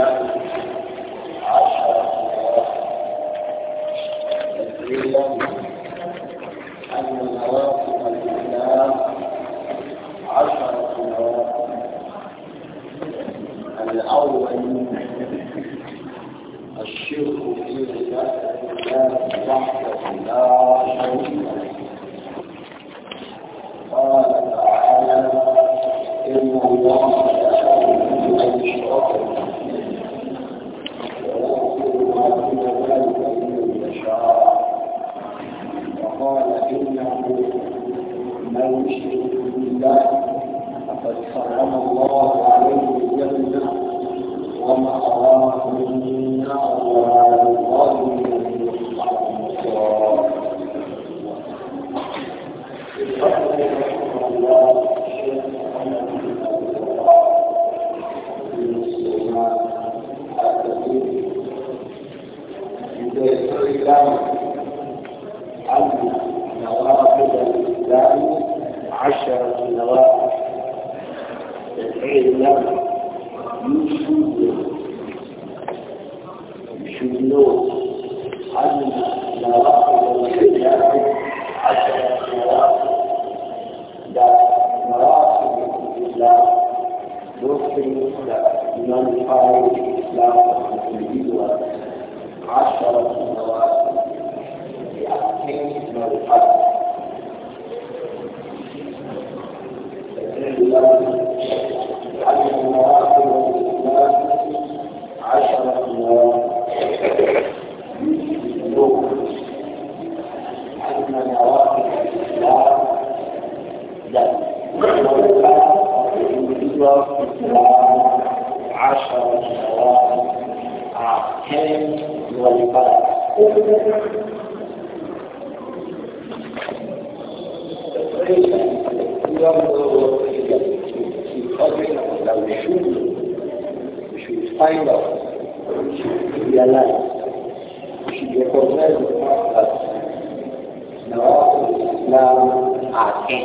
عشر Islam are ten.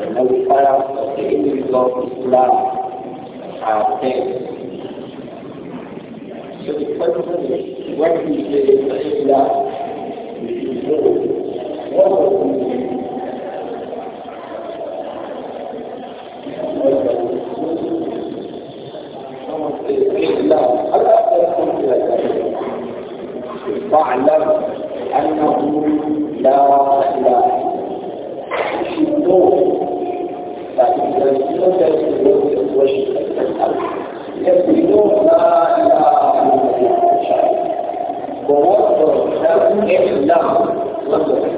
The modifiers of the enemies of Islam are ten. So the question is, when we say Islam, we should know what does it mean? فاعلم أنه لا Thank you. But what does that mean now? What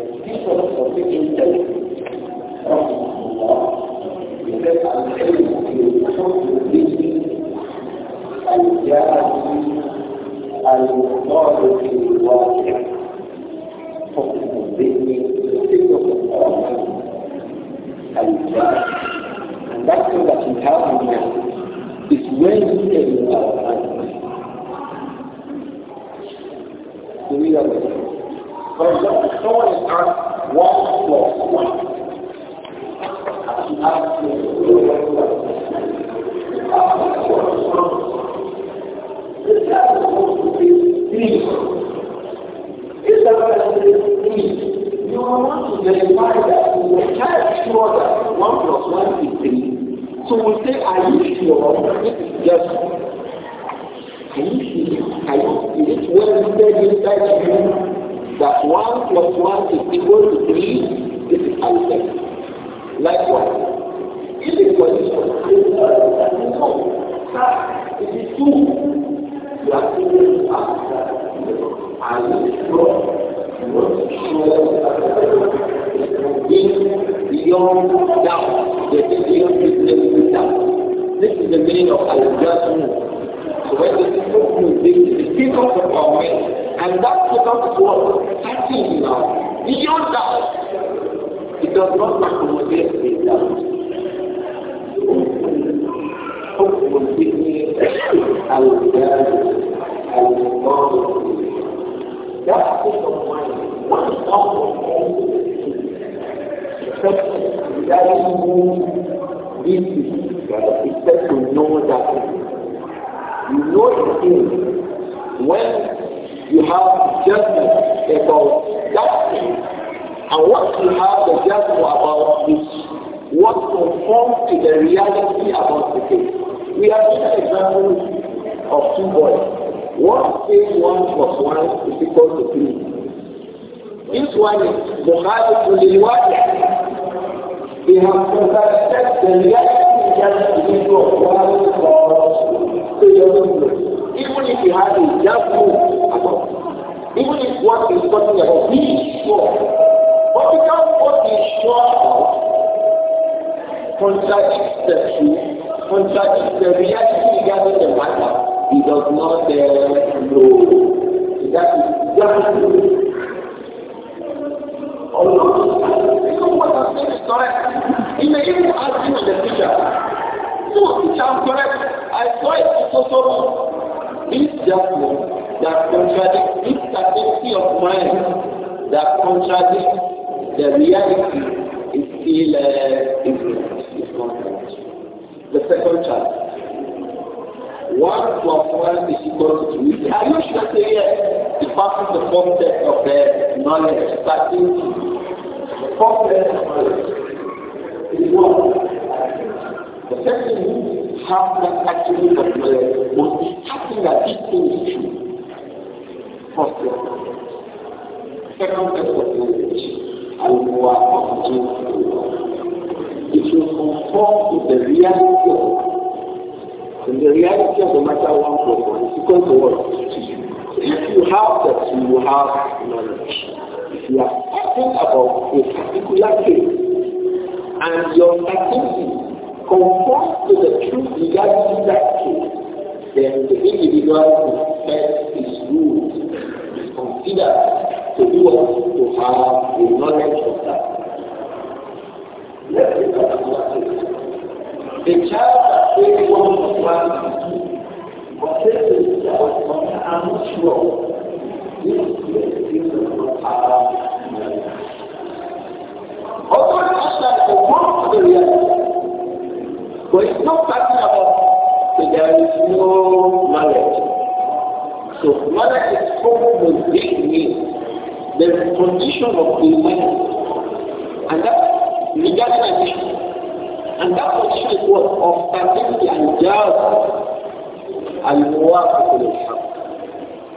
the people of the intellect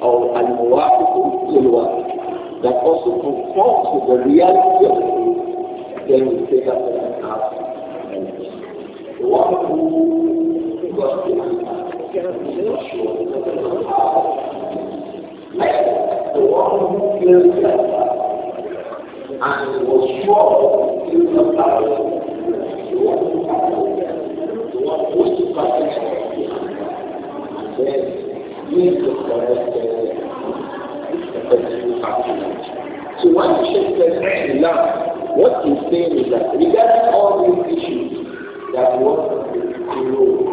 or al-muwafiq lil that also conforms to the reality of it, then we take up the task. and the one who got the like the one who killed the and was sure to kill the father, the one who the one who was to practice, the then so when the Sheikh says Islam, what he's saying is that regarding all these issues that want to know,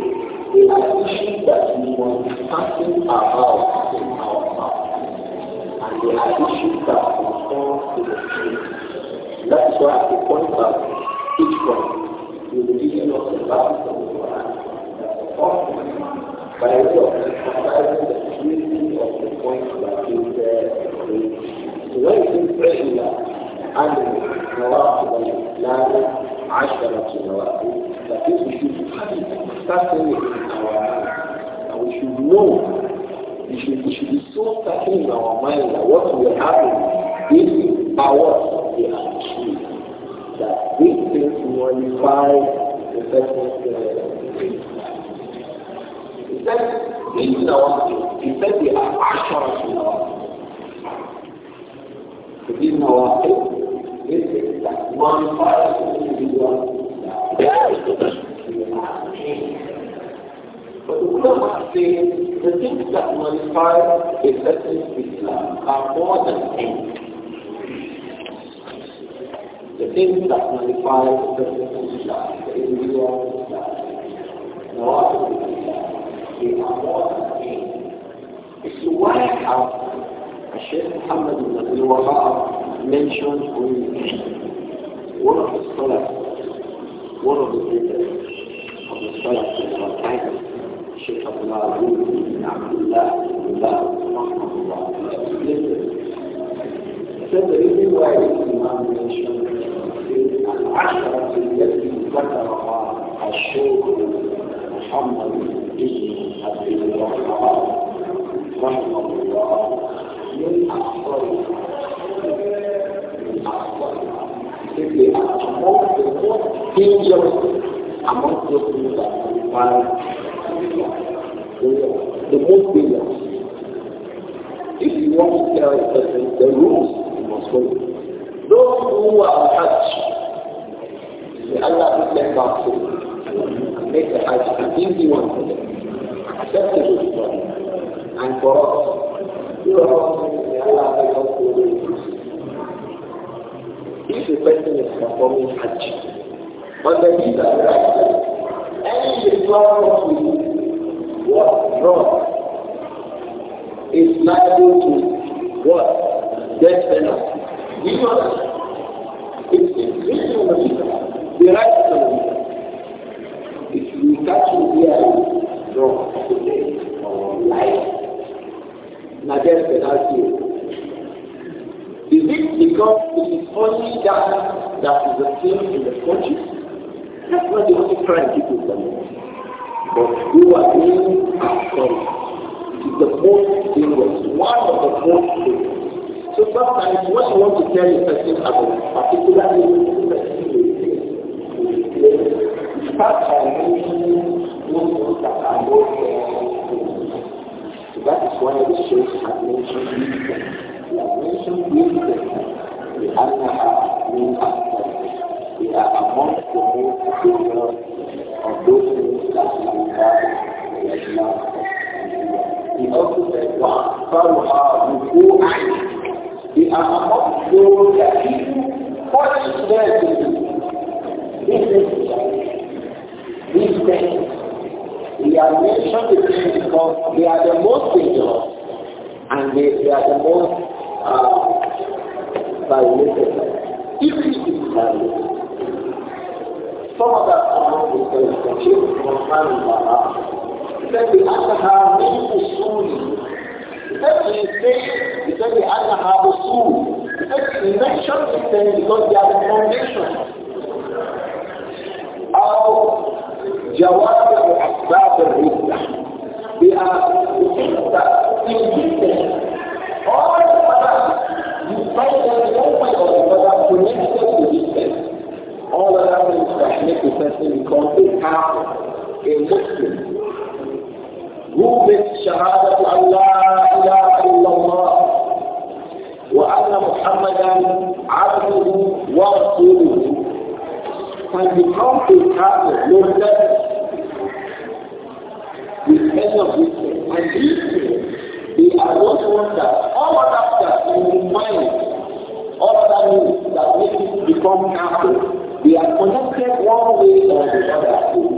they are issues that we want to passing about in our mouth. And they are issues that conform to the truth. That's why at the point that each one, we will be of the Bible the Quran, that the by way of emphasizing the beauty of the point that is there. So when it is regular and nawaqib al-Islam, عشرة نوافل that is we should have it in our mind and we should know we should, we should be so certain in our mind that what will happen is powers of the achieve that these things modify the person's said they do nawafil. He said they are assurance in nawafil. To give nawafil, this is that one fire individual but the Ulama say the things that modify a person's Islam are more than things. The things that modify a person's Islam, the individual Islam, التواصل في أمور السواح أو الشيخ محمد بن الوهاب mentioned only one of the scholars, one of the leaders of the scholars in our time, Sheikh Abdullah Abu bin Abdullah Abdullah Rahmatullah. He said the reason why this Imam mentioned is an ashara التي ذكرها الشيخ محمد بن عبد الله subhanallah, said بأنها من أصول He said he said, أصول He said he mentioned this thing because are the foundation أو جواب أسباب الردة بأسباب الردة All the brothers, you find them of way or the connected to this thing. All of things that make the person become a Muslim who makes shahada to Allah ilaha illallah wa anna Muhammadan abduhu wa rasuluhu can become a kafir, no less with any of these things. And these things, they are those ones that all of that that in mind, all of that means that make it become kafir, they are connected one way or the other.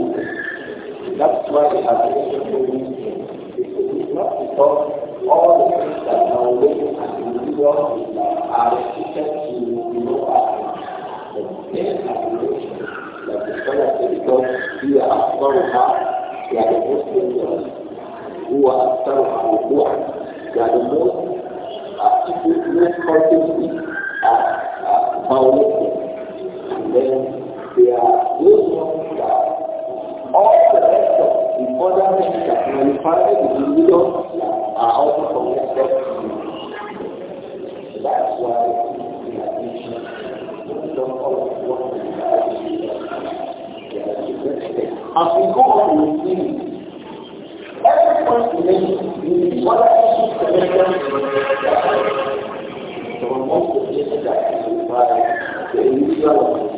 That's why it has mentioned these things. It's not because all the things that are waiting as individuals are restricted to the lower But they have mentioned that the scholars say because we are Asparuha, we are the most dangerous, who are Asparuha, who are, they are the most, uh, people, most cultively, uh, uh, And then they are those ones all the rest of the things that qualify the are also connected to you. That's why we are teaching don't follow what As we go on, we see every point we make, we see other issues connected to the most of the that qualify the religion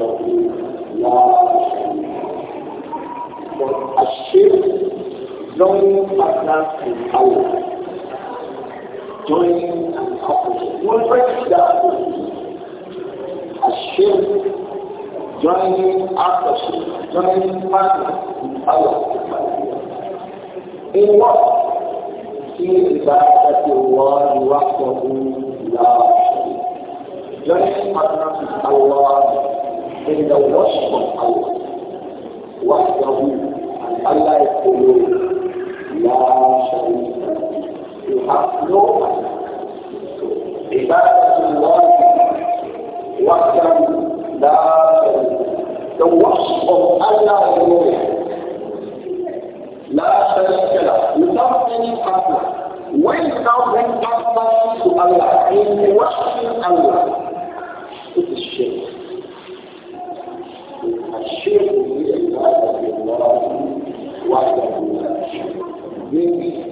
وحده لا شريك joining partners in Allah, joining an opposite. You will joining opposite, joining partners in Allah. In what? في عبادة الله وحده لا شريك. Joining partners in Allah in the worship of Allah. وحده and Allah is alone. لا شريك له. You have no other. عبادة الله وحده لا شريك The worship of Allah alone. لا شريك له. Without any partner. When thou bring partner to Allah in worshiping Allah,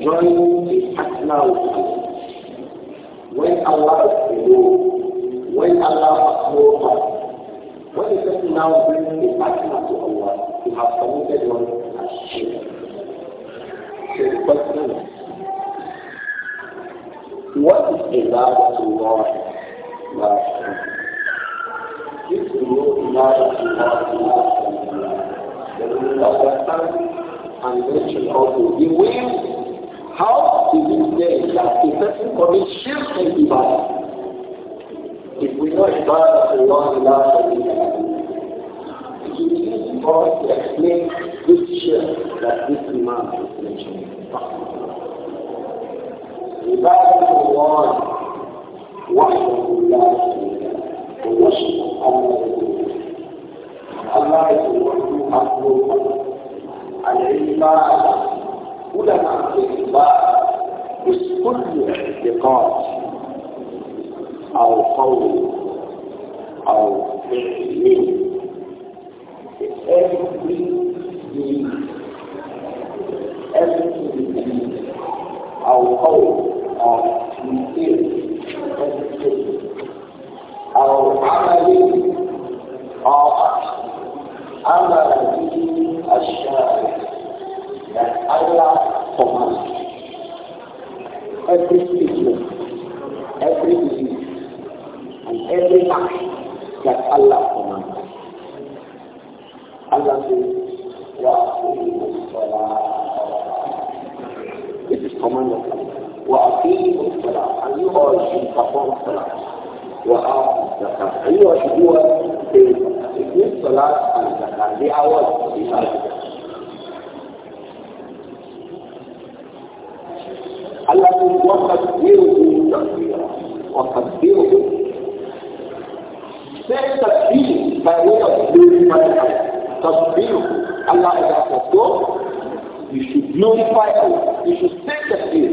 Join the partner with When Allah is below, when Allah has no partner, when the person now brings a partner to Allah, you have committed one as shirk. So the question is, what is Allah to God? If you know Allah to God, then you understand and mention also the will how is it there that a person commits shirk and ibadah? If we know ibadah to Allah, of will be It is easy for us to explain this shirk that this Imam is mentioning. Ibadah to Allah, worship The to worship Allah. Allah is the one who has no power. And ibadah علماء الاطلاق مش كل اعتقاد او قول او فعل او قول او او عمل او عمل به الشارع that Allah commands every statement, every disease, and every action that Allah commands. Allah says, Wa This is command of Allah. Wa and you all should perform salah. وآت الزكاة أيها الإخوة they are الصلاة والزكاة وتكبيره تكبيرا وتكبيره Say تكبير by way of glorifying Allah You should glorify Allah. You should say تكبير.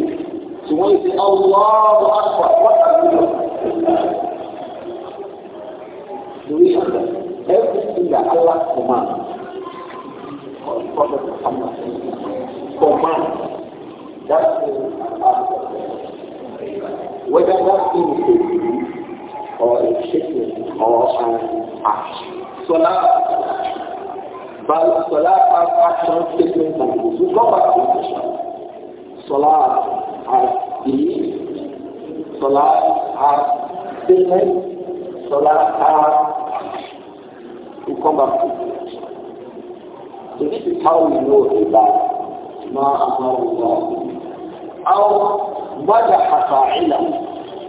So when you say Allahu Akbar, what are you Do we understand? Everything that Allah commands Prophet Muhammad that uh, whether that thing is a belief or a statement or an act. Salah, but Salah has action, statement, and belief. We go back to action. Salah has belief. Salah has statement. Salah has to come back to action. So this is how we know about ما أمر الله أو مدح فاعله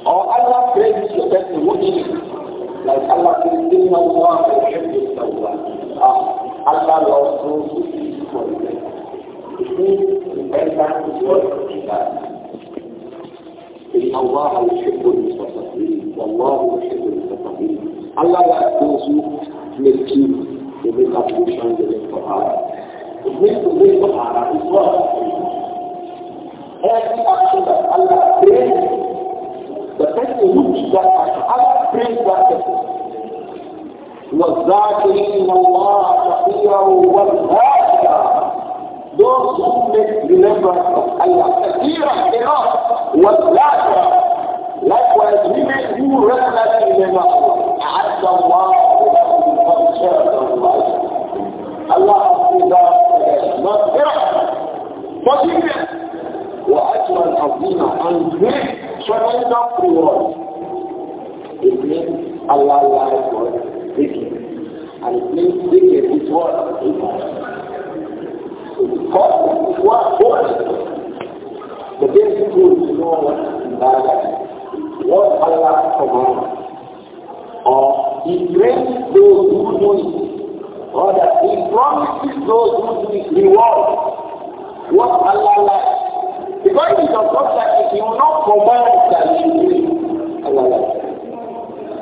or oh, Allah praises the person who did it. Like Inna Allah yuhibbu tawwab. Ah, Allah loves those who seek for repentance. It Allah yuhibbu you, every action that Allah prays, the person who that Allah prays that Those who make remembrance of Allah, كَثِيرًا enough, Likewise, women who regularly remember Allah, Allah أجرا عظيما and great tremendous reward. It means Allah lies for wicked. And it means wicked is what? Because it's what God The basic rule is know that What Allah commands. Or He grants those who do it. Or that He promises those who do it reward. What Allah likes because he does not it, will not command that you do it.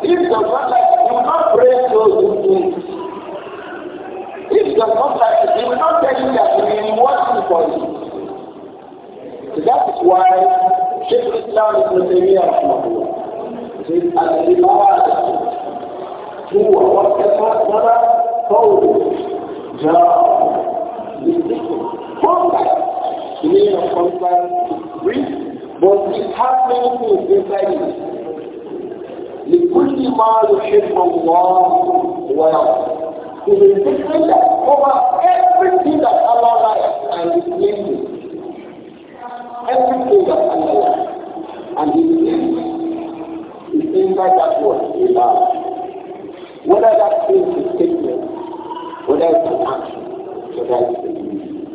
If he does not it, will not those who If does not it, will not tell you that he will reward for you, So that is why Sheikh Islam is the Savior of Mahmoud. Says, Al-Ibadah, who was the first the meaning of contract is brief, but it has many things inside it. لكل ما يحب الله Well, It is a statement that covers everything that Allah likes and is pleasing. Everything that Allah likes and is pleasing is inside that word, Iman. Whether that thing is a statement, whether it's an action, whether it's a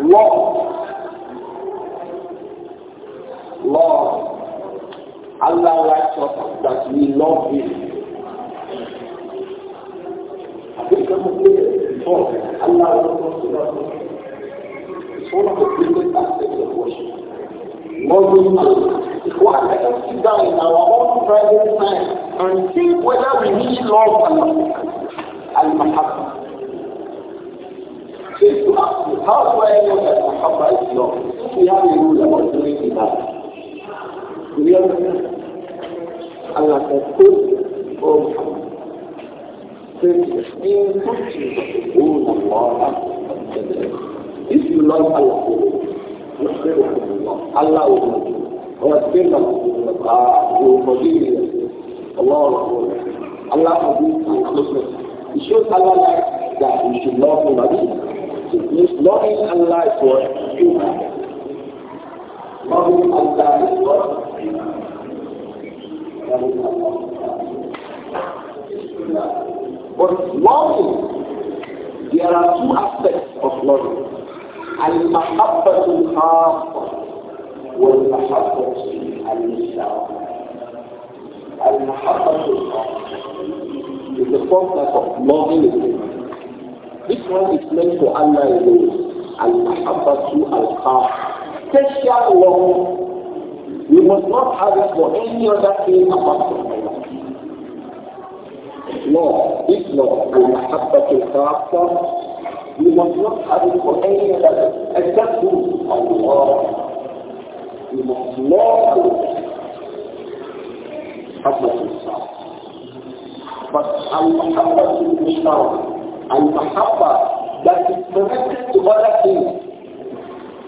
Love. Lord, Allah likes us that we love Him. I think I have said before. Allah wants us to love Him. It's one of the greatest aspects of worship. Loving Allah. Why let us sit down in our own private time and think whether we really love Allah. Al-Mahabba. How do I know that Muhammad is Lord? we have a rule about doing Iman. Do you understand? Allah said, O Muhammad. إن كنتم تحبون Allah. If you love Allah, يحببكم الله. Allah will love you. ويغفر لكم ويغفر الله أكبر. Allah forgives and closeness. It shows Allah that you should love Allah. It means loving Allah is what? Iman. Loving Allah is what? Iman. But loving, there are two aspects of loving. المحبة الخاصة والمحبة المشتركة المحبة الخاصة is the form of loving this one is meant for Allah alone. Al-Mahabbatu al-Khaf. Special love. We must not have it for any other thing apart from Allah. No, this love, Al-Mahabbatu al-Khaf, you must not have it for any other except who? Allah. You must love Allah. Habbat yourself. But Allah Habbat yourself and mahabba that is connected to other things.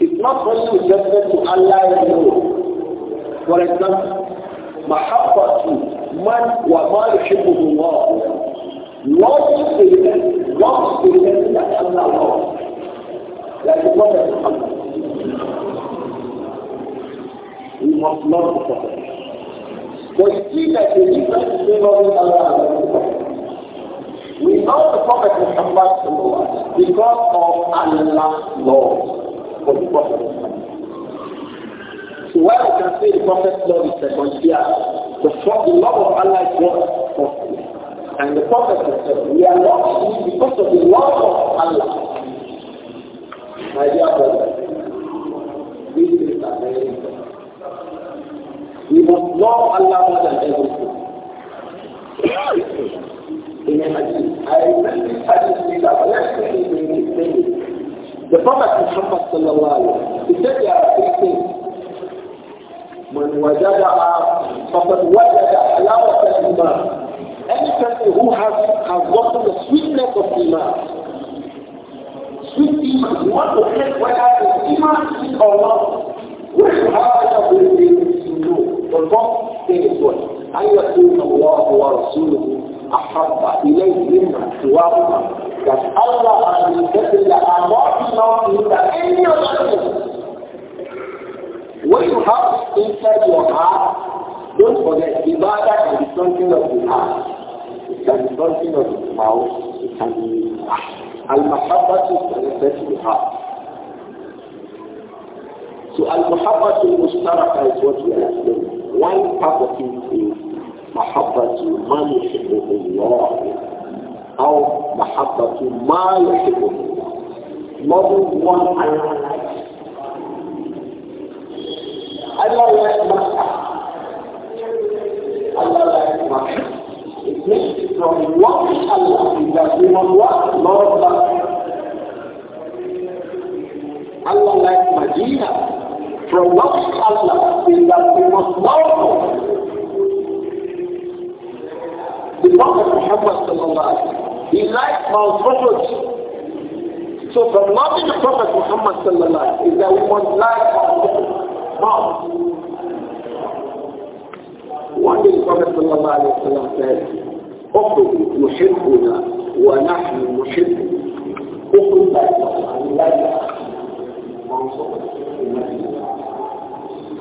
It's not only related to Allah alone. For example, mahabbatu man wa ma yuhibbuhu Allah. Love is related, love is related that Allah loves. Like the Prophet Muhammad. We must love the Prophet. But see that the difference between loving Allah and not the Prophet Muhammad because of Allah's law for the Prophet So while we can say the Prophet's law is second the, the law of Allah is what? And the Prophet said, we are not because of the law of Allah. My dear brother, these things are very important. We must love Allah more than everything in a hadith. I read this hadith it The Prophet Muhammad sallallahu alayhi wa sallam, he said there are three things. من وجدها فقد وجد حلاوة الإيمان. Any person who has, has gotten the sweetness of Iman, sweet demons. You want to test whether the demon is or not. When you have such a good thing, you know. The first thing is what? أن يكون الله ورسوله ahabba ilayhim siwahuma that Allah and his messenger not enough any When you have inside your heart, don't forget ibadah can be something of the heart. It can be something of the mouth. It can be al-mahabbat is the to the have. So al-mahabbat al-mustaraka is what we are explaining. One part of it is محبة من يحبه الله أو محبة ما يحبه الله model one another life. Allah likes Makkah. Allah likes Makkah. It means from what Allah is that we want what? Lord of Allah likes Medina. From what Allah is that we must love The Prophet Muhammad sallallahu he liked Mount Uhud. So from loving the Prophet Muhammad sallallahu is that we must like Mount One day the Prophet sallallahu alayhi wa sallam said, أخذ يحبنا ونحن نحبه أخذ like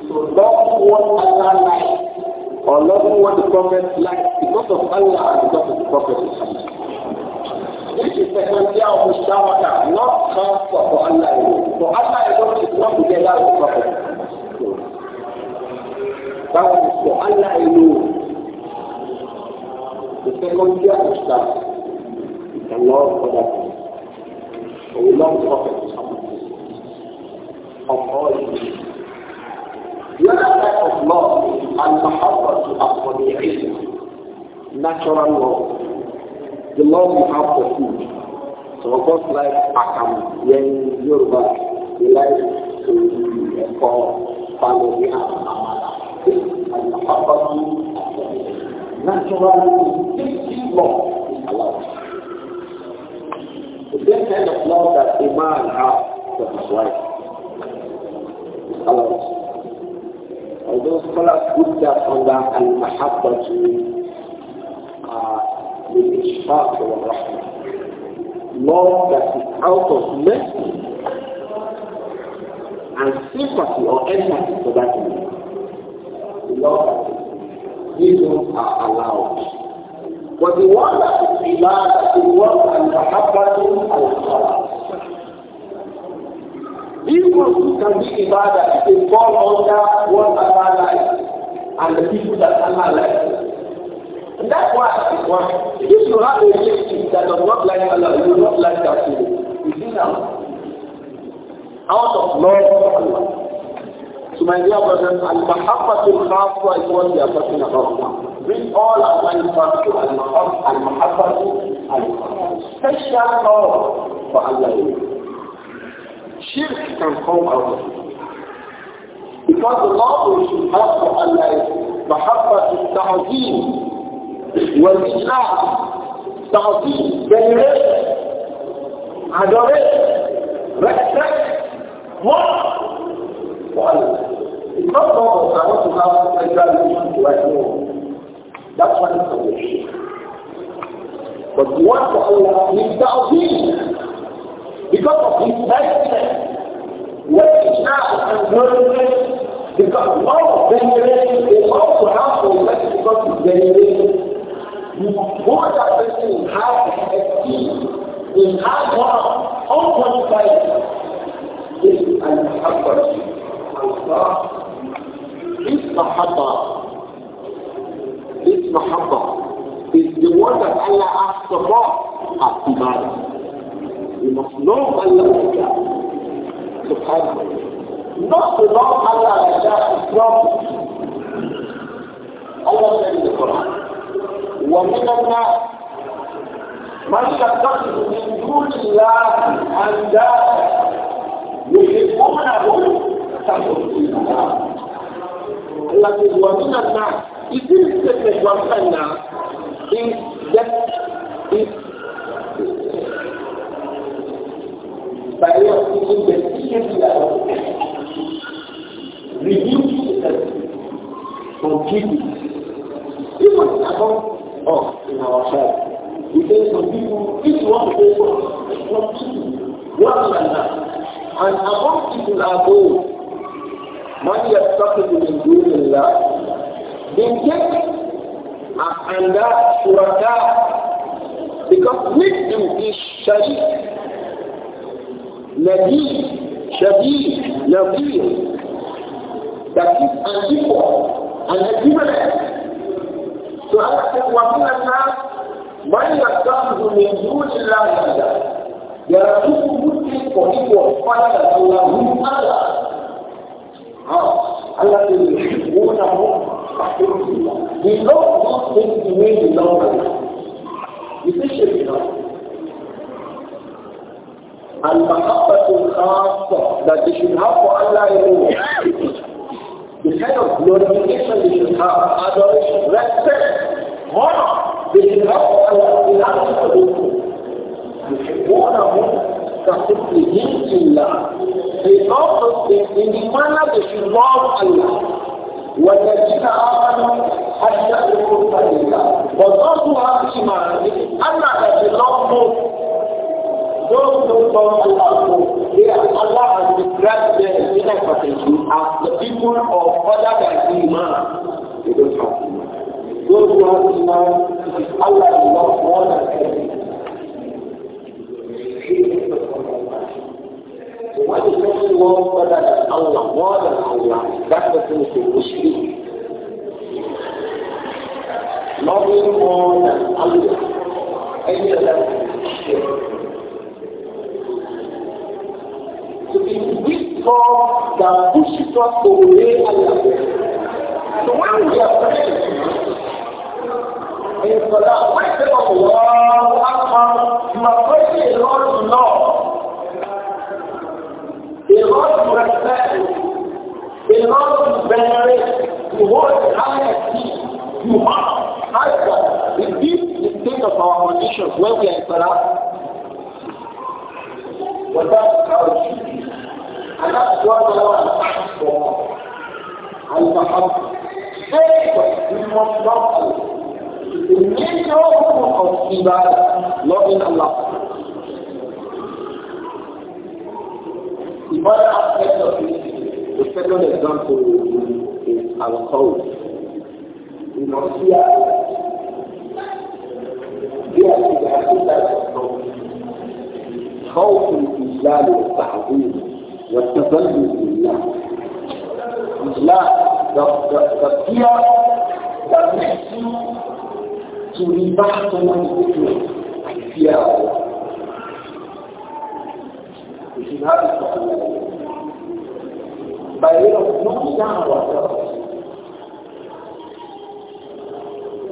So love what Allah likes, or love what the Prophet likes. Not of Allah and of the Prophet This is the frontier of Musharaka, not transfer for Allah For Allah is not together with Prophet. that is for Allah alone. The second year of Shah is the love for that. So we love the Prophet Muhammad of all things. The other type of love is al-mahabba al natural law. the law we have for food. So of course, like Akam, Yen, Yoruba, we like to call family we have Amala. natural, tasty love is allowed. The same kind of law that a man has for his wife is allowed. Although scholars put that under al-mahabbatu with ishaq wa rahmah. Love that is out of mercy and sympathy or empathy for that man. Love these are allowed. But the one that is allowed that is what and the al khalas. These people who can be divided they fall under one another and the people that Allah likes. And that's why I one. If you have a relationship that does not like Allah, you will not like that feeling. You see now? Out of love for Allah. So my dear brothers, Al-Mahabbatul Khafwa is what we are talking about now. Bring all our minds back to Allah mahabbatul al Special love for Allah. Shirk can come out of it. Because the love we should have for Allah is Mahabbatul Ta'zeem. والإسلام تعظيم veneration adoration respect love for Allah it's not because I want to have special religion I know that's one is salvation but what Allah is because of his niceness what is now and glorious because all of is also have to because it's veneration What a person has to in hard work, unqualified, is an habbat. Allah is mahabba. This mahabba is the one that Allah asks about at Tibari. You must know Allah like that. Subhanallah. Not to love Allah like that is wrong. Allah said in the Quran. ومن الناس من يتخذ من دون الله أندادا يحبونهم كحب الله لكن ومن الناس It is the question now is that is by way of using the behavior of reduce the completely. Even among us in our side, We say some people, this one is from two, like that. And among people are those, to yastaqid in that. they take and that because with is sharik, nabi, shabi, nabi, that is an equal, an equivalent. سؤالك ومن الناس من يتخذ من دون الله إلها There are people who take for equal father and them, love not things the way they love Allah. You see, And the habit of that they should have for Allah the kind of glorification they should have, adoration, respect, honor they should have Allah in our people. يحبونهم كحبهم in الله. They also in, in the manner they should love Allah. والذين آمنوا حتى يكون الله. But those who have iman, Allah has loved most those who come to Abu, they are Allah has described them in the as the people of other than Iman. They Those who have Iman, is Allah who more than anything. So when the person than Allah, more than Allah, that person is a Muslim. Loving more than Allah, any to be with God that pushes us to obey Allah. So when we are praying, in Salah, when you say Allahu Akbar, you are praying a lot to love, a lot to respect, a lot to venerate, to hold high esteem, to have high God. Is this the state of our conditions when we are in Salah? But that's how And that's what Allah has for Al-Mahab. we The major form of loving Allah. of the second example is al We must hear. Here is the خوف الإجلال والتعظيم والتذلل لله إجلال تفكير تمحسي تريبحتنا الذكر فيها في هذا التقليل بينهم نوع دعوة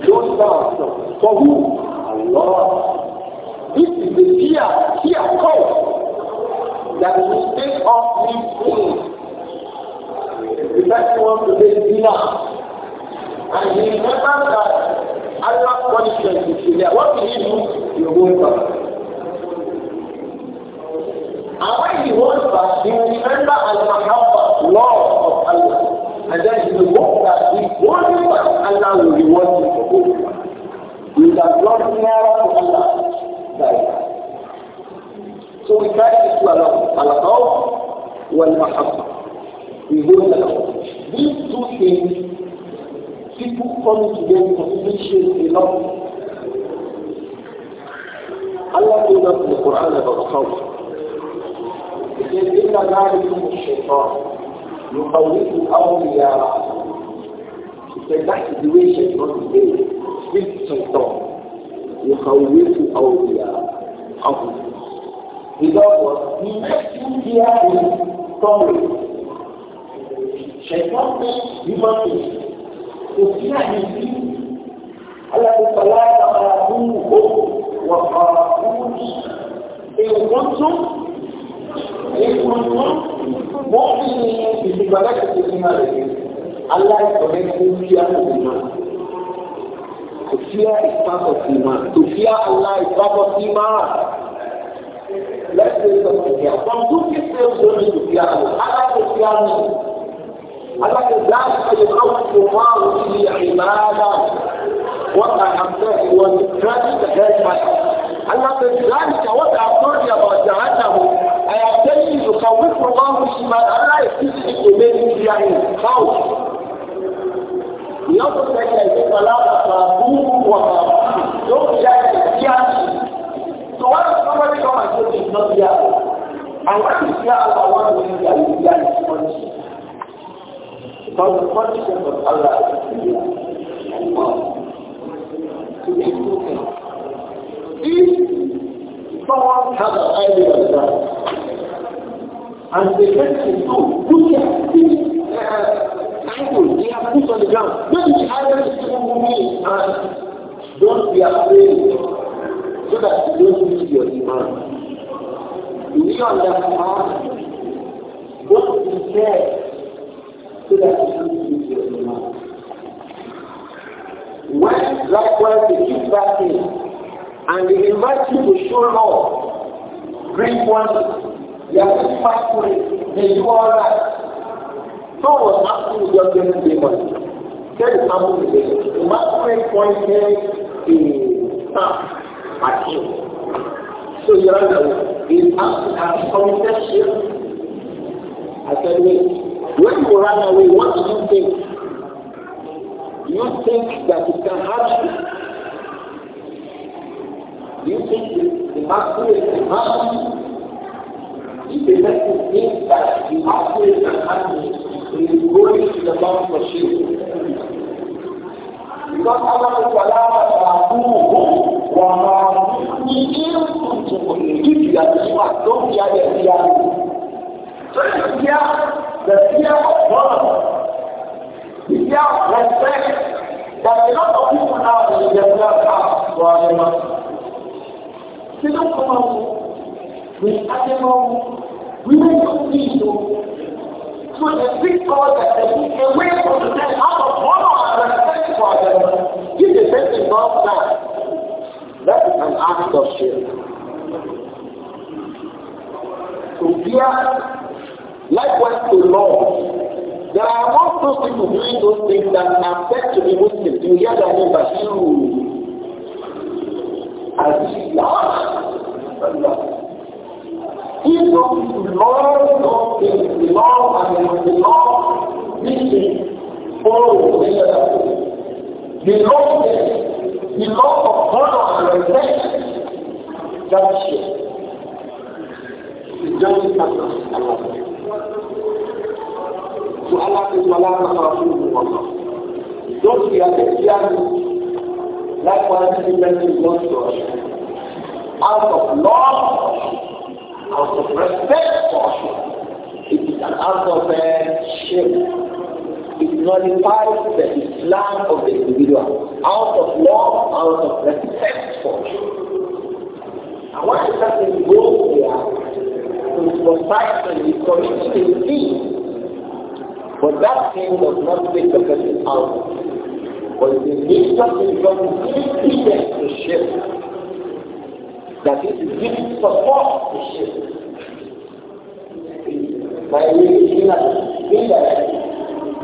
له دعوة فهو perform good. The best one to make dinner. And he remembers that Allah punishment is there. What will he do? He will go back. And when he goes back, he will remember Al-Mahabba, love of Allah. And then he will that he goes back, Allah will reward him for going back. He is as long nearer to Allah than So we try to do a lot. Allah والmahabba. We hold that out. These two things, people coming to them appreciate a lot. Allah told us in the Quran about khawf. He says, إِنَّ ذَلِكُمُ الشَّيْطَانُ يخوف أولياء فالبحث دويش الرجل بنت سلطان يخوف أولياء أولياء إذا وصيت فيها tọ́wọ̀ ṣẹ̀tọ́ nígbà tó kò sí àyè sí alákòókòlá àtàkàrà fún òkú wọ̀pọ̀ fún èèwọ̀n tó èèwọ̀n tó wọ́n fi ìdìbò alákòókò sínú àlẹ́ aláìsọ̀rẹ́ tó ń fi àkókò náà kò sí àìsàkọ̀ sí máa kò sí àìsàkọ̀ sí máa let's do something here. From two people going to piano, Allah to piano. Allah to dance for the house to Allah to be ibadah. What I am saying was scratching the head back. Allah to dance for what I told you about Jahannam. I am telling you, can we prolong this man? Allah is teaching to make it here in his house. The a fool or a fool. Don't judge the So why does somebody come and say he's not here? And when he's here, Allah wants we be here, he's punishing. Because the punishment of Allah is here. And God. If someone has an idea of that, and they get to do, do their thing, they have put on the ground. Maybe the to move and don't be afraid understand what he said so that you use your iman. When likewise they back in, and they invite you to show love. drink one, they are very fastful, they do was asking just yesterday morning. Tell the sample today. The masquerade a staff at him. So your honor, we have committed sin. I said, Quando when you run away, what do you think? You think that it can hurt you? You think the master is the master? If the person thinks that the master the master, is going to the mouth for shield. Because Allah is the Allah, if you are smart, don't fear the fear. Don't fear the fear of God. The fear of respect. There are a lot of people now in the world have for animals. They don't come out with animals. Women don't need to. So the big God that they took away from the dead out of honor and respect for them. Give the best to God now. That is an act of shame. To fear, likewise to law, There are not people doing those things that affect said to be Muslims. You hear their name Bashiru. Allah. If those people love those things, the law and the law, these things follow together. The law, the law of honor and respect that share. It's just partners Allah. So Allah is, Allah tafafuhu Allah. Don't be at the Likewise, he meant to not to us. Out of love, out of respect for us, it is an out of uh, shame it nullifies the Islam of the individual out of love, out of respect for you. One person goes there to society is committing a sin. But that thing does not make the person out. But it makes something from giving to shift. That is giving support to shift. By religion and indirect,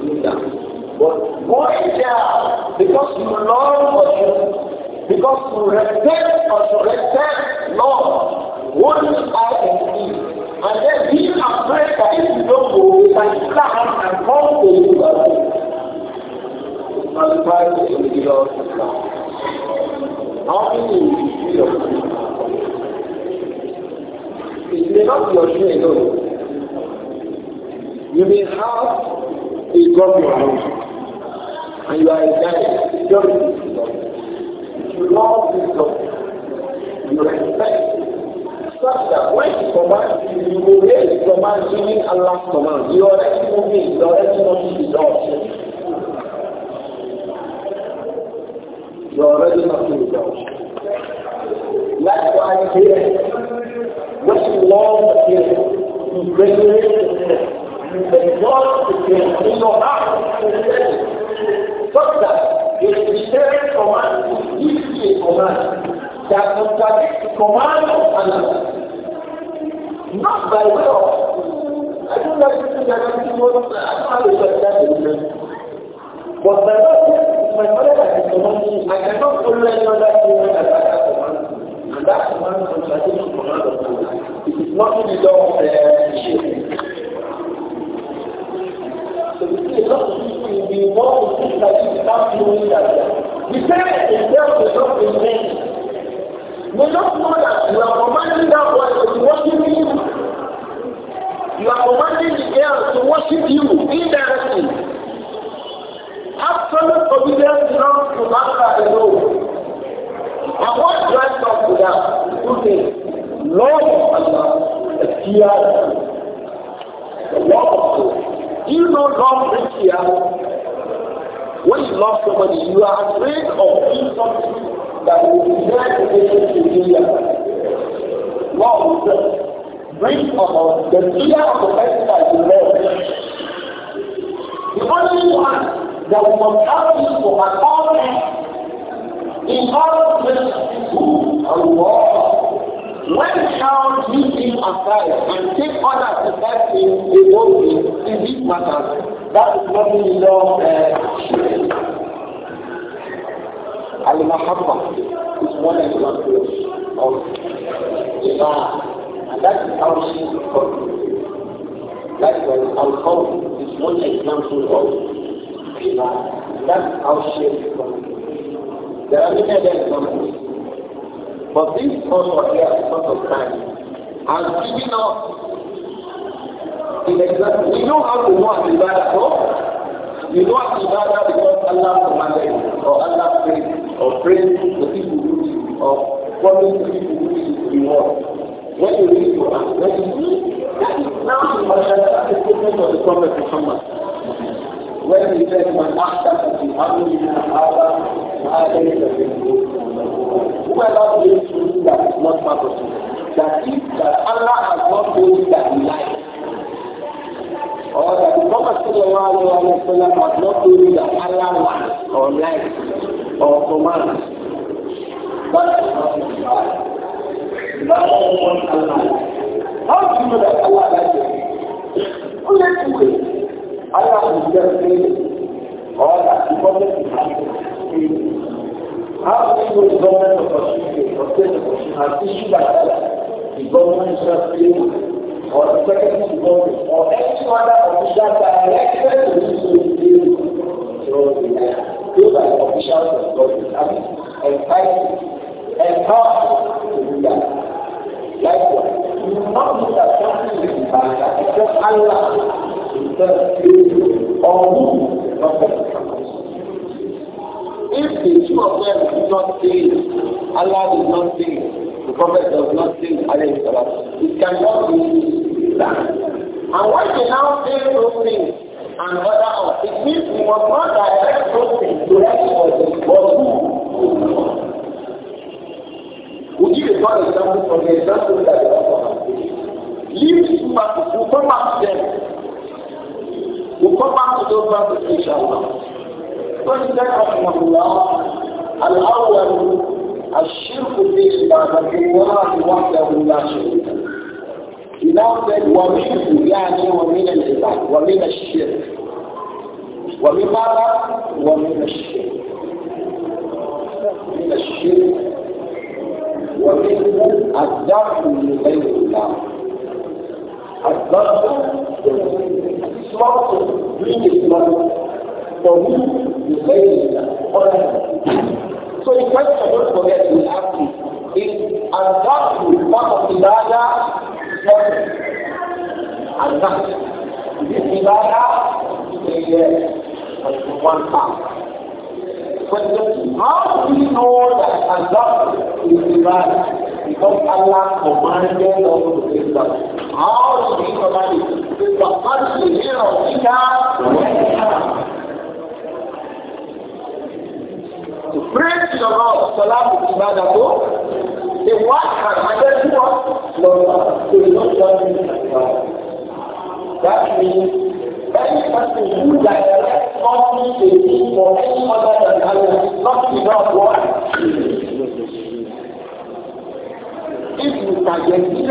indirect. But going there because you learn what you because to respect or to respect law, what I and E? And then being afraid that if you don't go, you can stand and come to you. And try to endure Islam. How many is your It may not be your shoe alone. You may have a God your hand, and you are a giant you love wisdom, you respect such that when he commands you, you obey his command, giving Allah's command. You already know him, you already know his option. You already know his option. Likewise here, when you love him, you regulate the sin. You exalt the King in your heart, such that if the spirit command, you, to a command that contradicts the command of Allah. Not by way I don't like to think that I'm I don't But by way my mother has command me, I cannot follow any other human that I And that command contradicts command of Allah. It is not in the law of the air. a lot of people will be involved in things like this without that shape There are many other examples. But this also here, of time, has given us in We know how to know an ibadah, So, We know an that because Allah commanded or Allah prayed, or prayed the people who do it, or promised the people who do it reward. When you read Quran, when you that is now the statement of the Prophet Muhammad when he says man ahsana that amrina whoever believes that is not part of that if that Allah has not told you that he or that the Prophet sallallahu has not told you that Allah wants or lies or commands that is not his that is not Allah how do you know that Allah lies only two Allah will just all that the government How do you government of has issued an order? The government is just or the secretary of government, or any other official elected to this so they are those are officials of government, I mean, entitled, empowered to do that. Likewise, you will not look at something in the Bible except Allah that is on If the two of them do not say Allah does not say the Prophet does not say is Allah. it cannot be that. And why they now say those things and other us, it means we must not direct those things to help for Who world. Would you recall example from the example that the Prophet Leave this matter to come back to them We'll come back ان شاء الله inshallah. First then, Rahimahullah, الأول الشرك في عبادة الله وحده لا شريك له. إذا قال ومنه يعني ومن العباد ومن الشرك ومن ماذا؟ ومن الشرك من الشرك ومنه الذبح لغير الله الذبح instructed doing money For me, you say Islam. So the question, don't forget, we ask is and that is part of Ibadah? And that is Ibadah? Yes. One part. Question, how do we know that Azab is Ibadah? because Allah commanded us to give them. How did he command it? It was not the year of Ika To pray to the Lord, Salam Ibadatu, the one commanded to us, Lord, to not join That means any person who directs something to me for any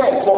ẹ̀kọ́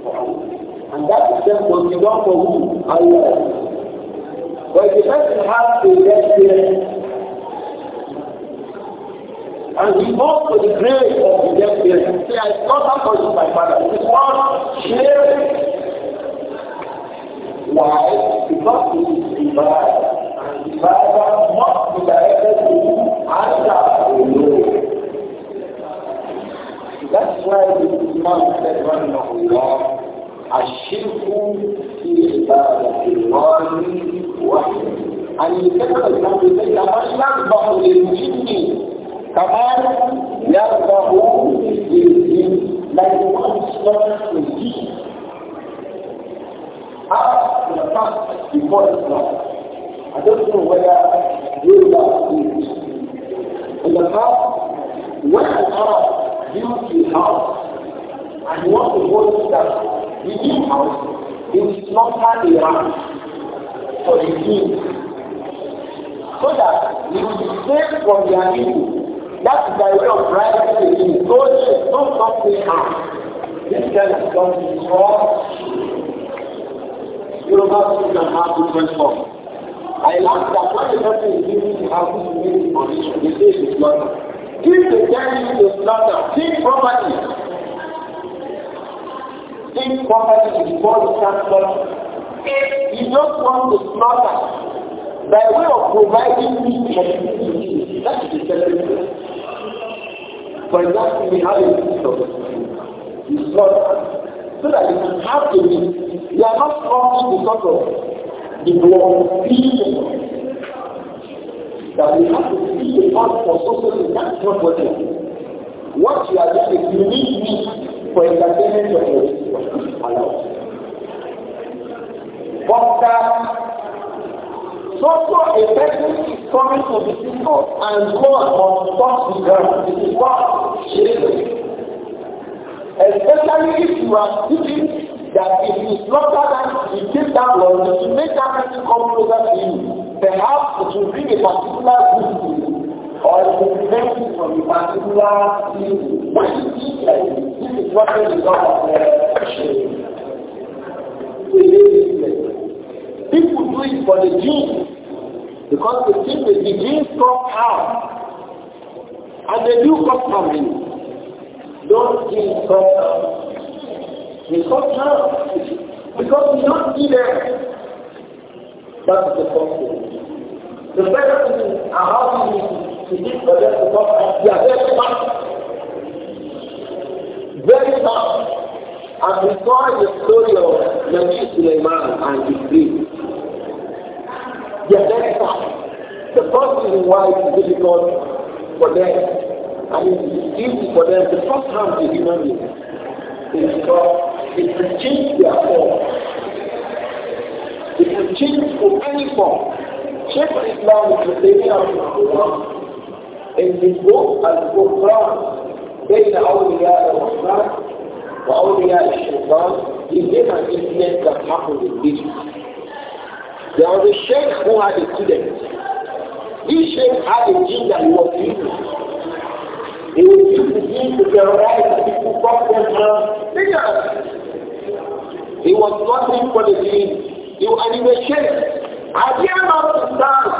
And that is just what you want for who? Allah. But if the person has a death parent, and he goes to the grave of the dead parent, say, I thought for my father. It is not share. Why? Because he is divine. And divine must be directed to That's why the man said, God." عبادة الله وحده أن يتخذ الحمد لله كما يرضى للجن كما يرضى للجن لا يكون شرط الجن Ask the fact before Islam. I don't know whether you love it. In the past, when an Arab built his house and he wants to go to that, the new house He not slaughter a ram for the king. So that he will be saved from their evil. That is the way of bribing the king. So not don't stop me out. This guy is going to be strong. You do what you can have to transform. I learned that when the person is giving the house to make the condition, they say it's slaughter. If they tell you to slaughter, think properly take property before you transfer you just want to slaughter by way of providing me for people That is the celebration. For example, we have a piece of you slaughter so that you can have a meat. You are not slaughtering because of the war people that we have to feed the for socialism. That's not what you What you are doing is you need me. for entertainment of your allowed. But that uh, social effect is coming to the people and go on top the ground. This is what slavery. Especially if you are thinking that it is not that, you take that blood, you make that person come closer to you, perhaps it bring a particular good to you. or it is preventing from the particular evil. When you think like this, is what the result of the action. People do it for the genes because they think that the genes come out and the new customary don't come custom. We come now because we don't need them. That's the problem. The better thing is how we it is for them to come they are very fast. Very fast. And we saw the story of Nabi Sulaiman and his dream. They are very fast. The first reason why it is difficult for them, I mean, it's easy for them, the first harm to human beings is because it will change their form. It will change to any form. Shaykh Islam is the of the world in his book Al-Furqan بين أولياء الرحمن وأولياء الشيطان he gave an incident that There was a sheikh who had a student. This sheikh had a gene that he was using. He was using the gene to terrorize people, fuck them around. He was nothing for the gene. He was an sheikh. I came out to stand.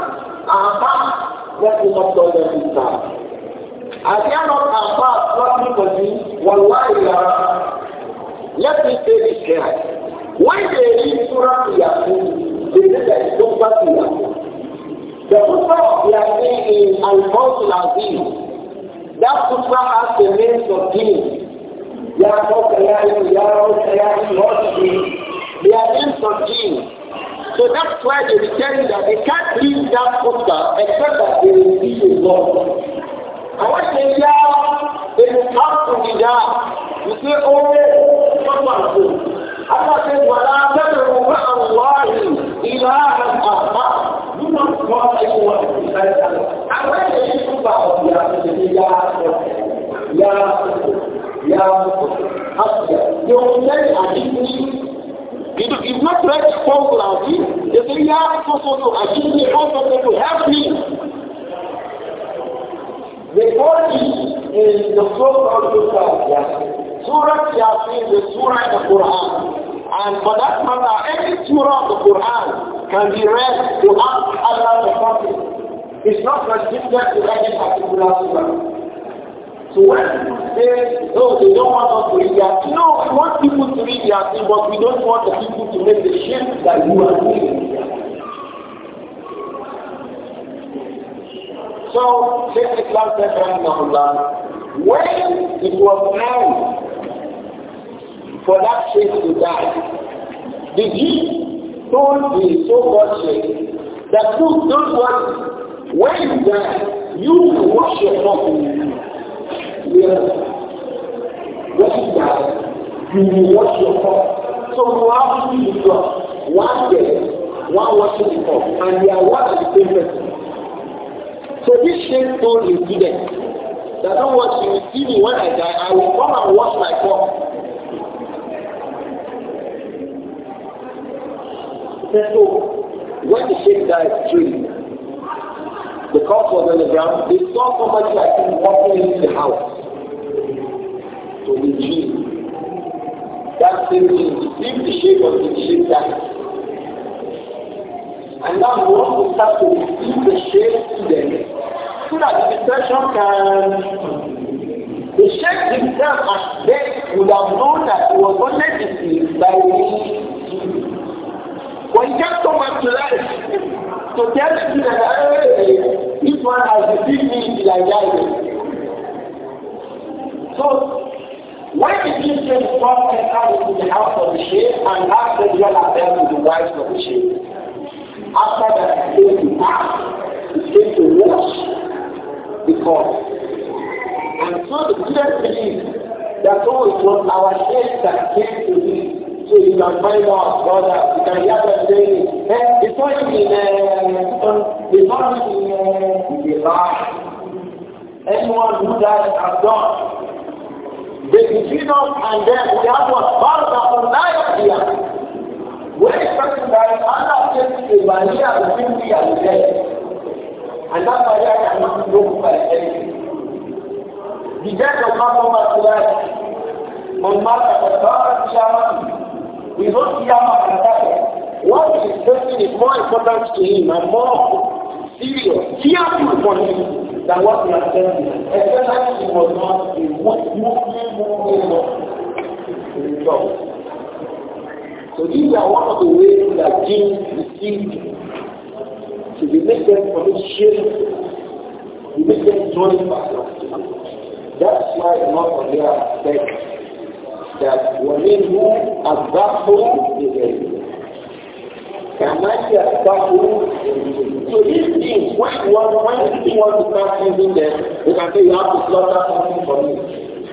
Uh-huh. what you have done them is now. As you are not apart what you can do, wallahi Let me say this here. When they read Surah to Yasin, they say that it's not back to Yasin. The Surah of Yasin is Al-Mawsul Azim. That Surah has the names of kings. Ya Mawsa Ya Ya Mawsa Ya Mawsa They are names of kings. So that's why they will tell you that they can't leave that poster except that they will see the Lord. And when they hear, they will come to the yard. You say, oh, someone so. Allah says, وَلَا تَدْعُوا مَعَ اللَّهِ the آخَرَ Do not call anyone besides Allah. And when they speak about the yard, they say, Ya Ya Ya They will tell you, It is not right to come to They say, yeah, so, so, so, I give me all to help me. The body is the source of the Quran. Surah Yasin is Surah of the Quran. And for that matter, any Surah of the Quran can be read to ask Allah to It's not restricted to any particular Surah. So when say, no, they don't want us to read their thing, no, we want people to read their thing, but we don't want the people to make the shift that you are doing. So, Sheikh Islam said, Rahimahullah, when it was time for that sheikh to die, did he told the so-called that look, don't worry, when you die, you will wash yourself in the clearance. What is that? You will wash your cup. So you have to be God. One day, one washing the cup, and they are one and the same person. So this shame told is them? That don't watch you see me when I die, I will come and wash my cup. So when the sheikh died, three, the cup was on the ground, they saw somebody like him walking into the house. to the tree. That same thing, leave the shape of the shape that. And now we want to start to give the shape to them so that the depression can the shape himself as dead would have known that he was under disease by the when he just come back to life to tell you that hey, this one has deceived me till I die. So Why did you say the prophet into the house of the sheikh and ask the girl and them to the wives of the sheikh? After that, he came to pass, he came to wash the cup. And so the students believe that oh, it was our sheikh that came to me so you can find out, brother, you can hear them saying, hey, it's not in, uh, it's not in, uh, the lie. Anyone who does has done. They between and then we have what? Barakahun la here. When are expecting that Allah takes a to between me and death. And that barrier cannot be broken by anything. The death of Muhammad Sallallahu on Mark of the Qiyamah, we don't Qiyamah and that What is happening is more important to him and more serious, fearful for him than what he has done. Especially he was not a so these are one of the ways that jinns deceive So we make them commit shirk, we make them join us. That's why not on their said that وَمِنْهُ أَذَّبْهُ بِغَيْرِ كَمَنْ يَذَّبْهُ So these things, when you want, when you want to start using them, you can say you have to slaughter something for me.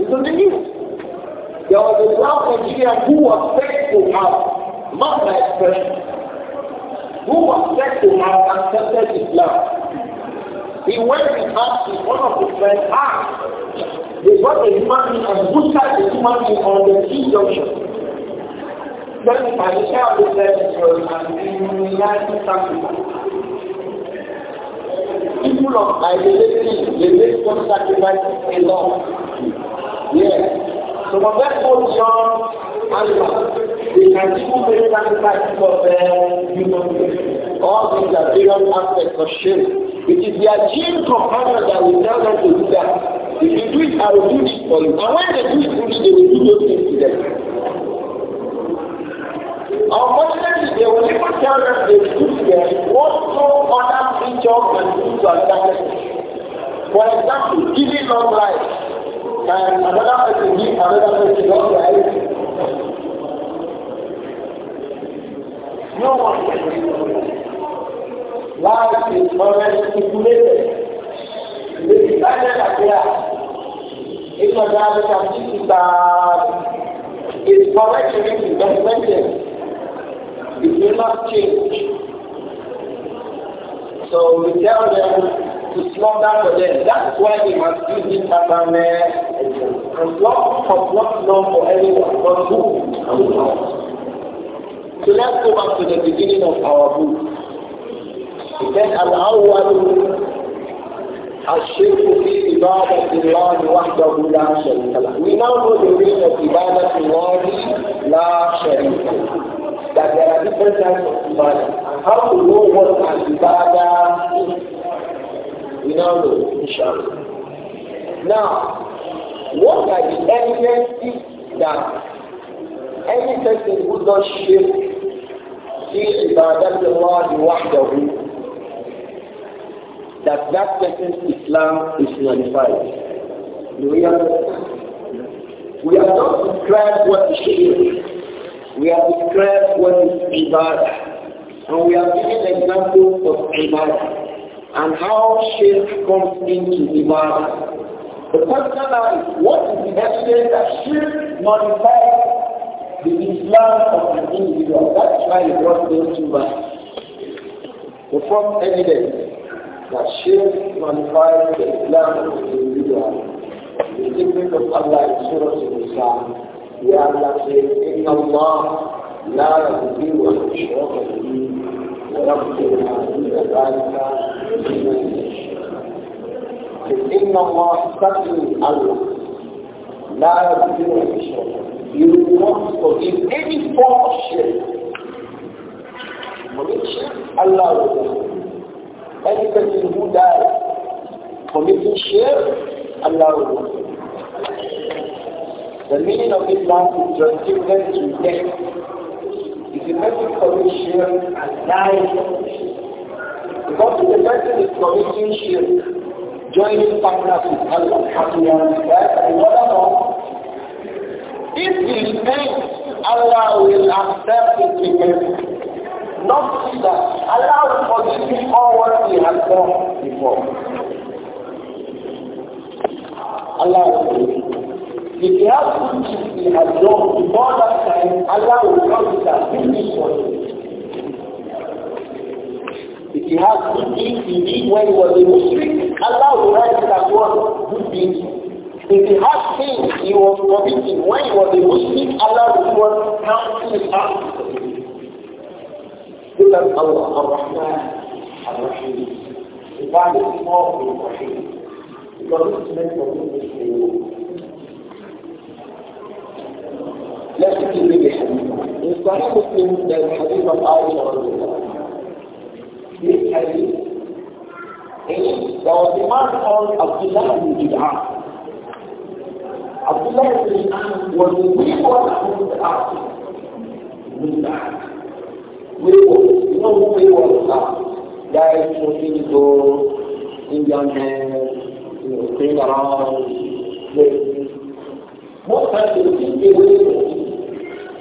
is the it? There was a black Nigerian who was said to have, not my expression, who was said to have accepted Islam. He went and asked his one of his friends, ah, they got a human being and butchered the human being on the sea junction. Then the Malaysia was there and in United States people of idolatry, they make some sacrifices alone. Yes. So from that point on, animals, they can do, make that practice of their uh, human beings. All these are various aspects of shame. It is their gene companion that will tell them to do that. If you do it, I will do it for you. And when they do it, they will do those things to them. Unfortunately, they will even tell them they do them what no other creature can do to a For example, giving long life and another person another person your No one can Life is already stipulated. They decided that they are. a guy can see that it's correction investment, it will not change. So we tell them to slumber for them. That's why they must do this environment eh? and not for not long for anyone, but who? So let's go back to the beginning of our book. It says, Al-Awwal الشرك في عبادة الله وحده لا شريك له. We now know the meaning of عبادة الله لا شريك له. That there are different types of ibadah. And how to know what an ibadah is. We now know, inshallah. Now, what are the evidences that any person who does shirk في ibadat Allah وحده that that person's Islam is nullified. Do we understand? We have not described what is shirk. We have described what is ibadah. And we have given examples of ibadah and how shirk comes into the matter? The question now is, what is the evidence that shirk modifies the Islam of an individual? That's why he brought those two back. The first evidence that shirk modifies the Islam of an individual the statement of Allah in Surah Al-Nisa, where Allah says, إِنَّ اللَّهَ لَا يَغْفِرُ أَنْ يُشْرَكَ بِهِ إن الله certainly Allah لا يغفر الشرك You want to forgive any form of shirk. Allah will Any person who dies committing Allah The meaning of this one is give them to death the person commits shirk and dies from shirk. Because if the person is committing shirk, joining partners with other happy right? And what about? If he thinks Allah will accept his repentance, not see that Allah will forgive all what he has done before. Allah will forgive if he has good deeds he has done before that time, Allah will count it as good deeds for him. If he has good deeds he did when he was a Muslim, Allah will write it as one good deeds. If he has things he was committing when he was a Muslim, Allah will count it as Look at Allah, Ar-Rahman, Ar-Rahim. The Bible is more than Rahim. Because it's meant for people to let's begin with the hadith. In Sahih Muslim, there is hadith of Aisha This hadith is, there was man called Abdullah ibn Jid'an. Abdullah ibn was the wayward among the arts. Musta'an. Wayward. You know who wayward is now? to Indian men, you know, playing around, most times they think they wait you.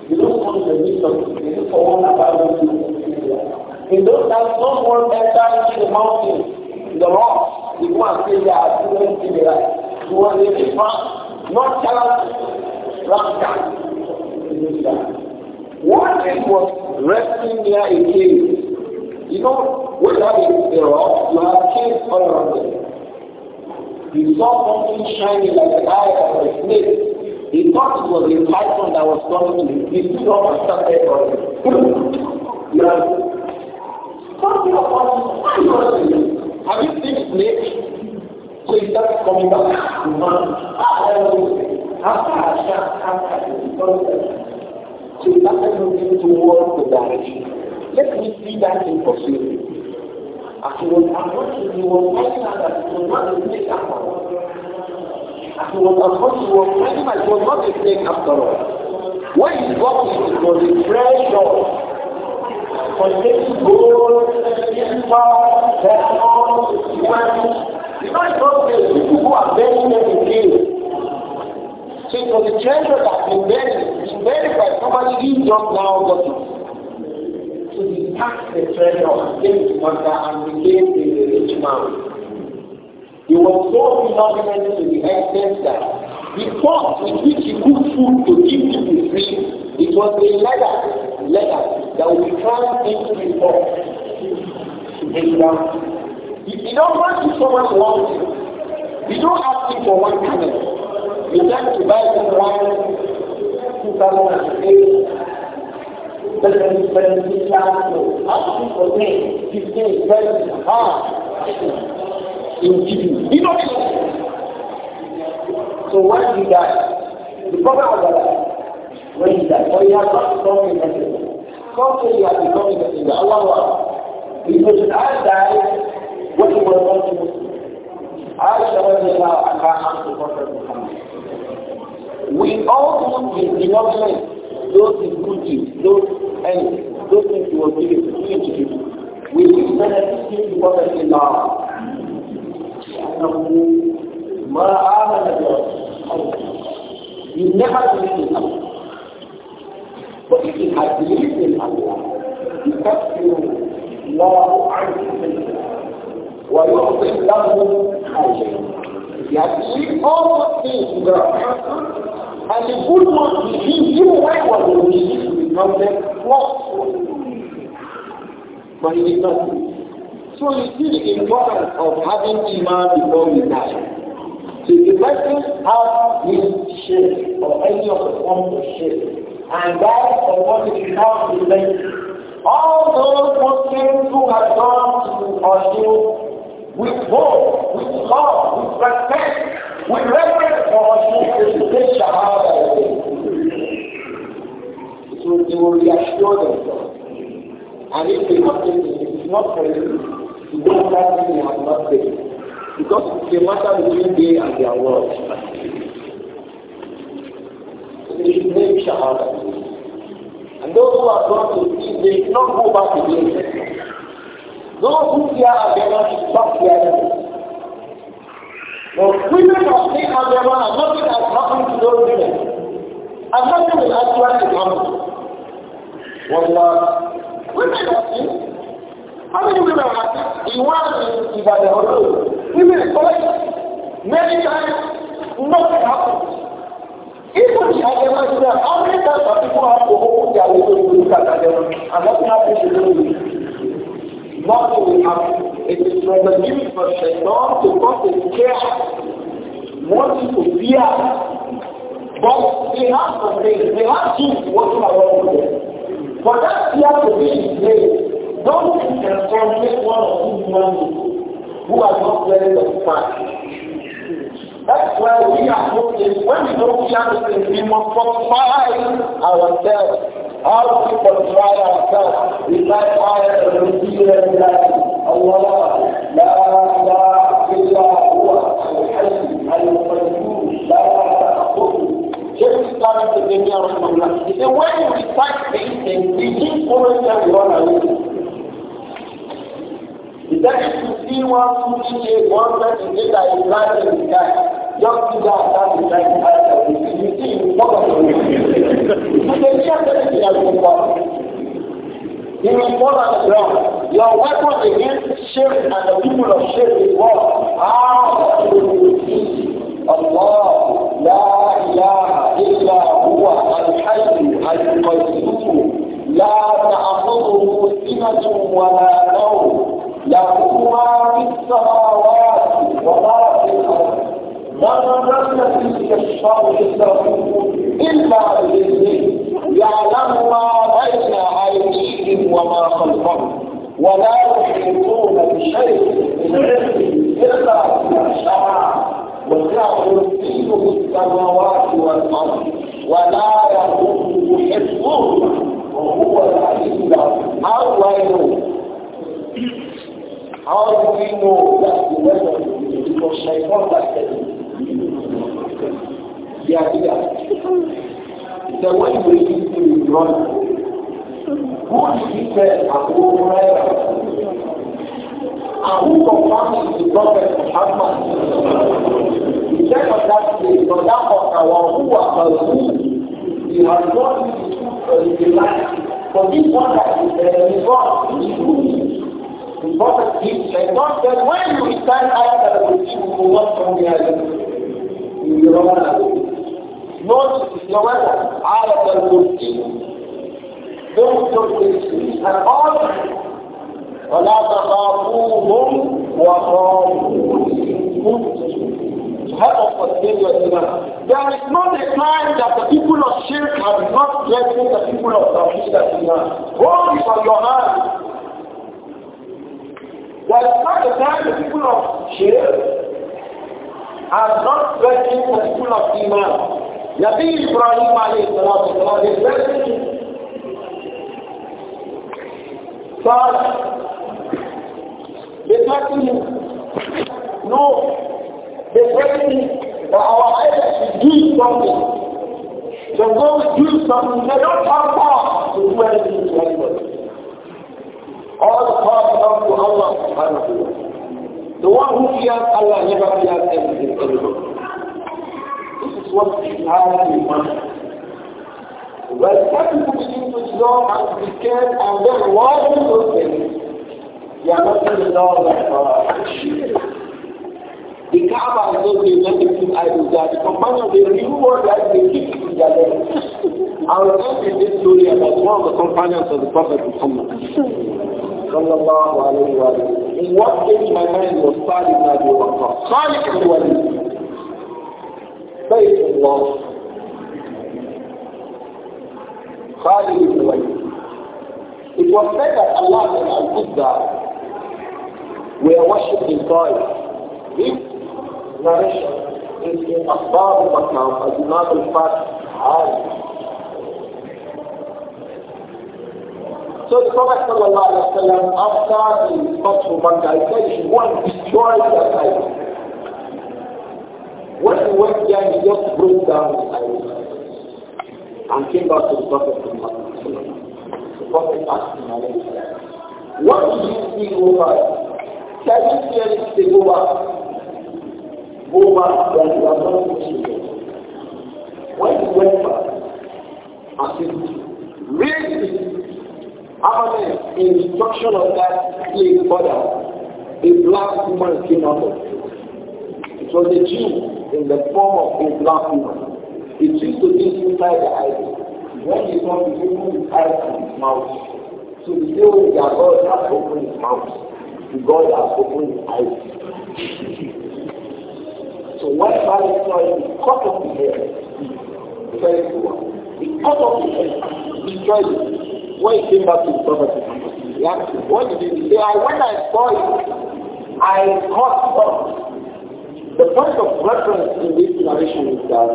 You don't want to the need of it. They look for one about you. In those times, someone entered into the mountain, in the rock. You go and say they are doing to the right. You want to be found, not challenge, rascal. One man was resting there. a cave. You know, when that is the rock, you have caves all around it. You saw something shining like the eye of a snake. He thought it was a python that was coming to him. He stood up and started running. yes. Something about Have you seen snake? So he started coming back. Man, ah, after I shot, after I So he started looking towards the direction. Let me see that thing for you. As he was approaching, he was finding out that he was not a snake after all. He was supposed to walk animal. It was not a snake after all. When he walked it, was a treasure containing gold, silver, You those people who are So it was a treasure that been buried. Been buried by somebody who now got So he packed the treasure and gave to and became a rich man. He was so inaugurated to the extent that the form in which he put food to give the free, it was a letter, letter that would be crammed into the form. You don't want to someone much you. You don't ask him for one camel. You tend to buy some one 2008 president, ask him for me, his name he will give you. He knows So why he died? The problem was that when he died, or he has not become innocent. Some say he has become innocent. Allah wa Because I died, what he was going not Muslim. Aisha radiallahu anha to the Prophet Muhammad. We all do the denomination, those in good deeds, those and those things he was given to people. We will benefit him because of the law. أنه ما آمن برسول يمنعه من الأمر وفي الحديث الأول يكفر الله عنه ويعطي له أجر يعني all things and the good one between you and what you need to become the plus one. But it is not good. So you see the importance of having iman before you die. So if the person has this shape or any of the forms of shape and dies from what is now make all those Muslims who have gone to Oshu with hope, with love, with respect, with reverence for Oshu, they take Shahada. So they will reassure themselves. And if they have taken it, it's not for you that thing you have not Because it's a matter between they and their world. So they should make shahada. And those who are going to see, they should not go back again. Those who fear Abema should stop fearing. The women of King are. nothing has happened to those women. And nothing will actually happen. One last, women of King, how many women are there? Iran Ibadan Road. We will collect many times, nothing happens. Even the Adema said, how many times have people had to open their window to look at Adema and nothing happens to them? Nothing will happen. It is from the gift of Shaitan to cause a care, wanting to fear. But they have some things, they have things working around them. For that fear to be in Nothing can conflict one or two human who are not very satisfied. That's why we are Muslims. When we don't share the we must fortify ourselves. How we fortify ourselves? We like fire and we feel like Allah, la la illa huwa al-hayy al-qayyum la ta'khudhuhu Sheikh Islam is the Indian He said, when we recite these things, we keep following them one another. Is that if you see one sushi one person say that you like like just see that that is see, see, you talk about it. You can hear everything as you fall. You will fall on the ground. Your weapon against shame and the people of shame is what? How ah, you see الله لا إله إلا هو الحي القيوم لا تأخذه سنة ولا نوم يقوم ما في السماوات وما في الارض من رسل تلك الشر Nabi Ibrahim alayhi salatu wasalam is resting. But they threaten no, him. No, they threaten him that our elders should do something. They're going do something. They don't have power to do anything to anybody. All the power belongs to Allah subhanahu wa ta'ala. The one who fears Allah never fears anything anymore what it has in mind. When people to draw and be cared and then worry those things, they are not The Kaaba is not the negative idols that the companions, they that they keep it in their legs. I will tell you this story about one of the companions of the Prophet Muhammad. Sallallahu alayhi wa In what came to my mind was Salih ibn Abi Waqqas. ibn Sayyid Allah, Khalid ibn Walid. It was said that Allah and Al-Qudda were worshipped in Taif. This narration is Asbab al-Bakam, Al-Imam al-Fatih, Ali. So the Prophet sallallahu alayhi wa after the Fatih of Makkah, he said, he should go and destroy their Taif. When he went there, he just broke down his eyes and came back to the Prophet Muhammad. The Prophet asked him, What did you see over? Can you see anything over? Over that you are not Muslim. When he went back, I said, really. Amen. in instruction of that slave father, a black woman came out of it. It was a Jew in the form of a black woman. It used to be inside the eyes. When he comes to open his eyes and his mouth, so the same way that God has opened his mouth, the God has opened his eyes. So when Mary saw him, he cut off the hair. Very poor. He cut off the hair, tried it. When he came back to the property, he asked him, what did he say? I, when I saw him, I cut off the point of reference in this narration is that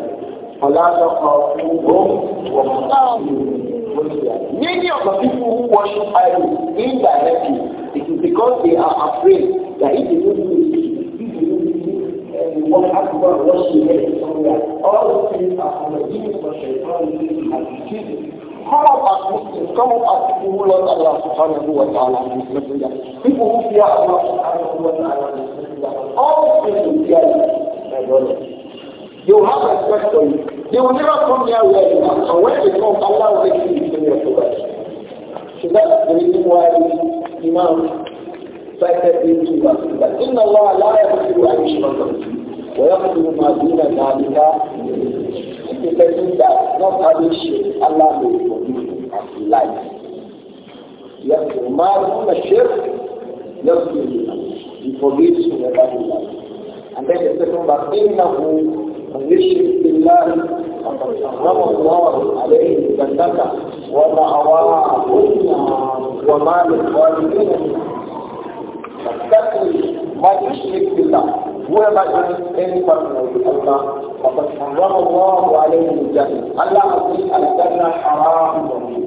Allah oh. Many of the people who worship idols indirectly, it is because they are afraid that if they don't do this, if they don't do this, and what happens to what she is somewhere, all these things are from the demons of Shaitan has defeated. Come up as Muslims, come up as people who love Allah subhanahu wa ta'ala and His Messenger, people who fear Allah subhanahu wa ta'ala and His Messenger. Islam. All things my brother. you have respect for you. They will never come here where you are. So when they come, Allah will make you inferior your us. So that's the reason why Imam cited these two verses. That in Allah, Allah يغفر أن يشرك به ويغفر ما دون ذلك If a person does not have a shirk, Allah will forgive Allah as he likes. يغفر ما دون الشرك يغفر he forgives whoever he loves. And then the second verse, إِنَّهُ مَنْ يُشْرِكْ بِاللَّهِ فَقَدْ حَرَّمَ اللَّهُ عَلَيْهِ الْجَنَّةَ وَمَأْوَاهُ النَّارُ وَمَا لِلظَّالِمِينَ فَاتَّقُوا مَنْ يُشْرِكْ بِاللَّهِ Whoever joins any partner with Allah, فَقَدْ حَرَّمَ اللَّهُ عَلَيْهِ الْجَنَّةَ Allah has made al-Jannah haram on him.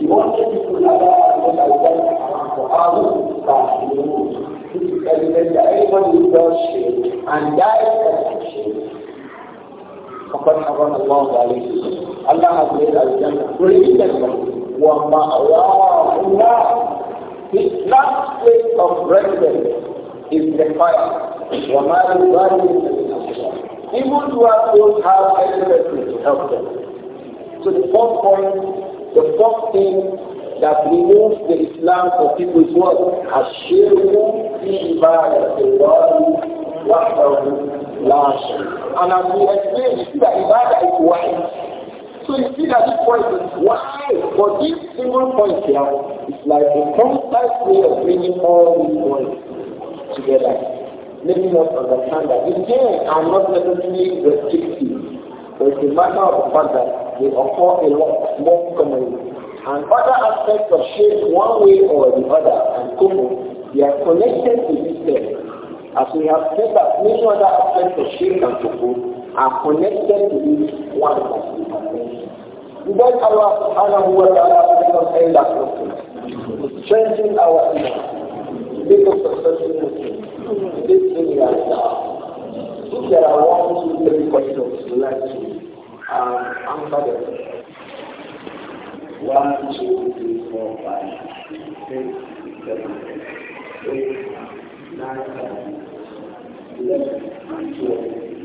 The only people Allah has made al-Jannah haram for others are humans. This is evident who does shirk and dies as shirk, فقد حرم الله عليه الله has made al-jannah prohibited from وَمَأْوَاهُ النَّارِ His last place of residence is the fire. وَمَا يُبَالِهِ Even those who have everything to help them. So the fourth point, the fourth thing that removes the Islam for people's work. الشرك في عبادة الله وحده لا شريك. And as we explained, you see that Ibadah is wide. So you see that this point is why. but this single point here is like a concise way of bringing all these points together, making us understand that the gains are not necessarily restrictive, but it's a matter of the fact that they occur a lot more commonly. And other aspects of shape, one way or the other, and kumu, they are connected to this thing. As we have said that many other aspects of shape and kumu are connected to this one that we have mentioned. We want Allah subhanahu wa ta'ala to make us end that Muslim, strengthen our inner, make us successful Muslims. This thing we are now. If there are one, two, three questions, we like to uh, answer them. One, two, three, four, five, six, seven, eight, nine, ten, eleven, and twelve.